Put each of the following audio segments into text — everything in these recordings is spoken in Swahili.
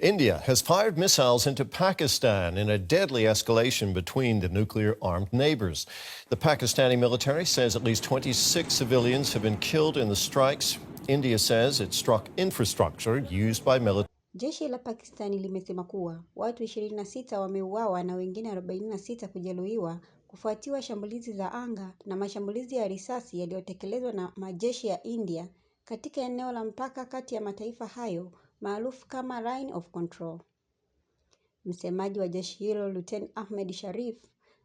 India has fired missiles into Pakistan in a deadly escalation between the nuclear armed neighbors. The Pakistani military says at least 26 civilians have been killed in the strikes. India says it struck infrastructure used by military. Jeshi la Pakistani limesema kuwa watu 26 wameuawa na wengine 46 kujeruhiwa kufuatiwa shambulizi za anga na mashambulizi ya risasi yaliyotekelezwa na majeshi ya India katika eneo la mpaka kati ya mataifa hayo maarufu kama line of control. Msemaji wa jeshi hilo Luteni Ahmed Sharif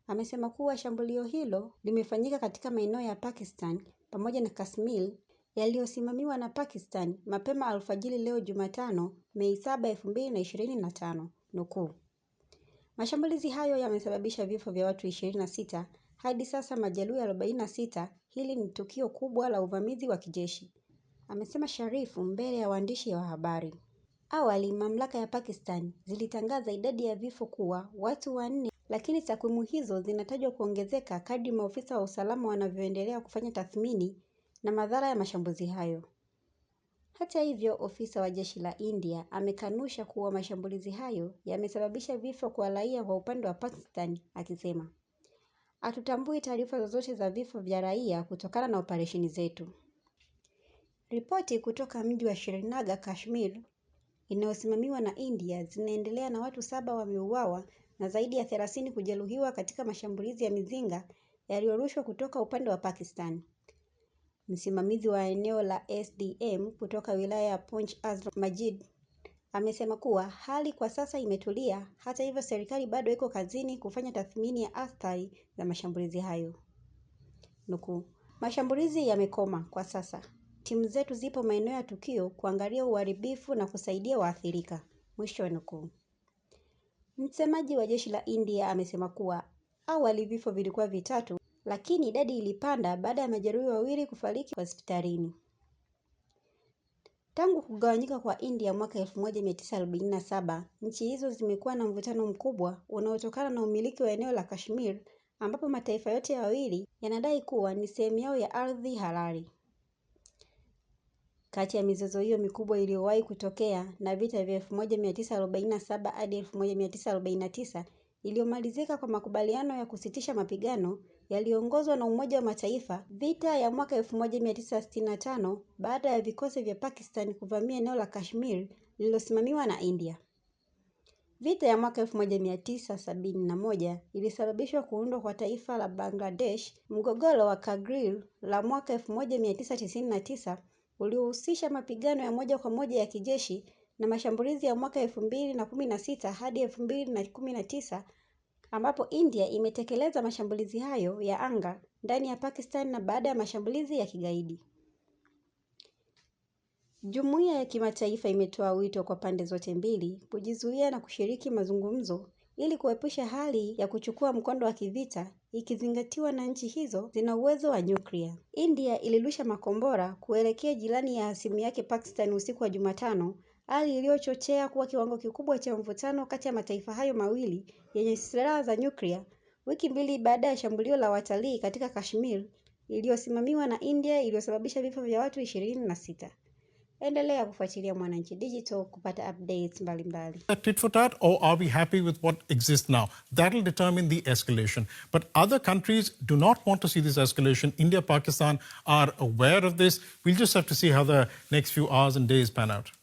amesema kuwa shambulio hilo limefanyika katika maeneo ya Pakistan pamoja na Kashmir yaliyosimamiwa na Pakistan mapema alfajiri leo Jumatano, Mei 7, 2025. Nukuu, mashambulizi hayo yamesababisha vifo vya watu 26 hadi sasa majeruhi 46. Hili ni tukio kubwa la uvamizi wa kijeshi, amesema Sharifu mbele ya waandishi wa habari. Awali mamlaka ya Pakistan zilitangaza idadi ya vifo kuwa watu wanne lakini takwimu hizo zinatajwa kuongezeka kadri maofisa wa usalama wanavyoendelea kufanya tathmini na madhara ya mashambulizi hayo. Hata hivyo, ofisa wa jeshi la India amekanusha kuwa mashambulizi hayo yamesababisha vifo kwa raia wa upande wa Pakistan akisema, "Hatutambui taarifa zozote za vifo vya raia kutokana na operesheni zetu." Ripoti kutoka mji wa Srinagar, Kashmir inayosimamiwa na India zinaendelea na watu saba wameuawa na zaidi ya 30 kujeruhiwa katika mashambulizi ya mizinga yaliyorushwa kutoka upande wa Pakistan. Msimamizi wa eneo la SDM kutoka wilaya ya Poonch Azra Majid amesema kuwa hali kwa sasa imetulia. Hata hivyo, serikali bado iko kazini kufanya tathmini ya athari za mashambulizi hayo. Nukuu, mashambulizi yamekoma kwa sasa Timu zetu zipo maeneo ya tukio kuangalia uharibifu na kusaidia waathirika. Mwisho wa nukuu. Msemaji wa jeshi la India amesema kuwa awali vifo vilikuwa vitatu lakini idadi ilipanda baada ya majeruhi wawili kufariki hospitalini. Tangu kugawanyika kwa India mwaka 1947, nchi hizo zimekuwa na mvutano mkubwa unaotokana na umiliki wa eneo la Kashmir ambapo mataifa yote mawili yanadai kuwa ni sehemu yao ya ardhi halali kati ya mizozo hiyo mikubwa iliyowahi kutokea na vita vya 1947 hadi 1949 iliyomalizika kwa makubaliano ya kusitisha mapigano yaliyoongozwa na Umoja wa Mataifa. Vita ya mwaka 1965 baada ya vikosi vya Pakistan kuvamia eneo la Kashmir lililosimamiwa na India. Vita ya mwaka 1971 ilisababishwa kuundwa kwa taifa la Bangladesh. Mgogoro wa Kargil la mwaka 1999 uliohusisha mapigano ya moja kwa moja ya kijeshi na mashambulizi ya mwaka elfu mbili na kumi na sita hadi elfu mbili na kumi na tisa ambapo India imetekeleza mashambulizi hayo ya anga ndani ya Pakistan na baada ya mashambulizi ya kigaidi. Jumuiya ya kimataifa imetoa wito kwa pande zote mbili kujizuia na kushiriki mazungumzo ili kuepusha hali ya kuchukua mkondo wa kivita ikizingatiwa na nchi hizo zina uwezo wa nyuklia. India ilirusha makombora kuelekea jirani ya hasimu yake Pakistan usiku wa Jumatano, hali iliyochochea kuwa kiwango kikubwa cha mvutano kati ya mataifa hayo mawili yenye silaha za nyuklia, wiki mbili baada ya shambulio la watalii katika Kashmir iliyosimamiwa na India iliyosababisha vifo vya watu ishirini na sita. Endelea kufuatilia Mwananchi Digital kupata updates mbalimbali. A tit for tat or are we happy with what exists now? That'll determine the escalation. But other countries do not want to see this escalation. India, Pakistan are aware of this. We'll just have to see how the next few hours and days pan out.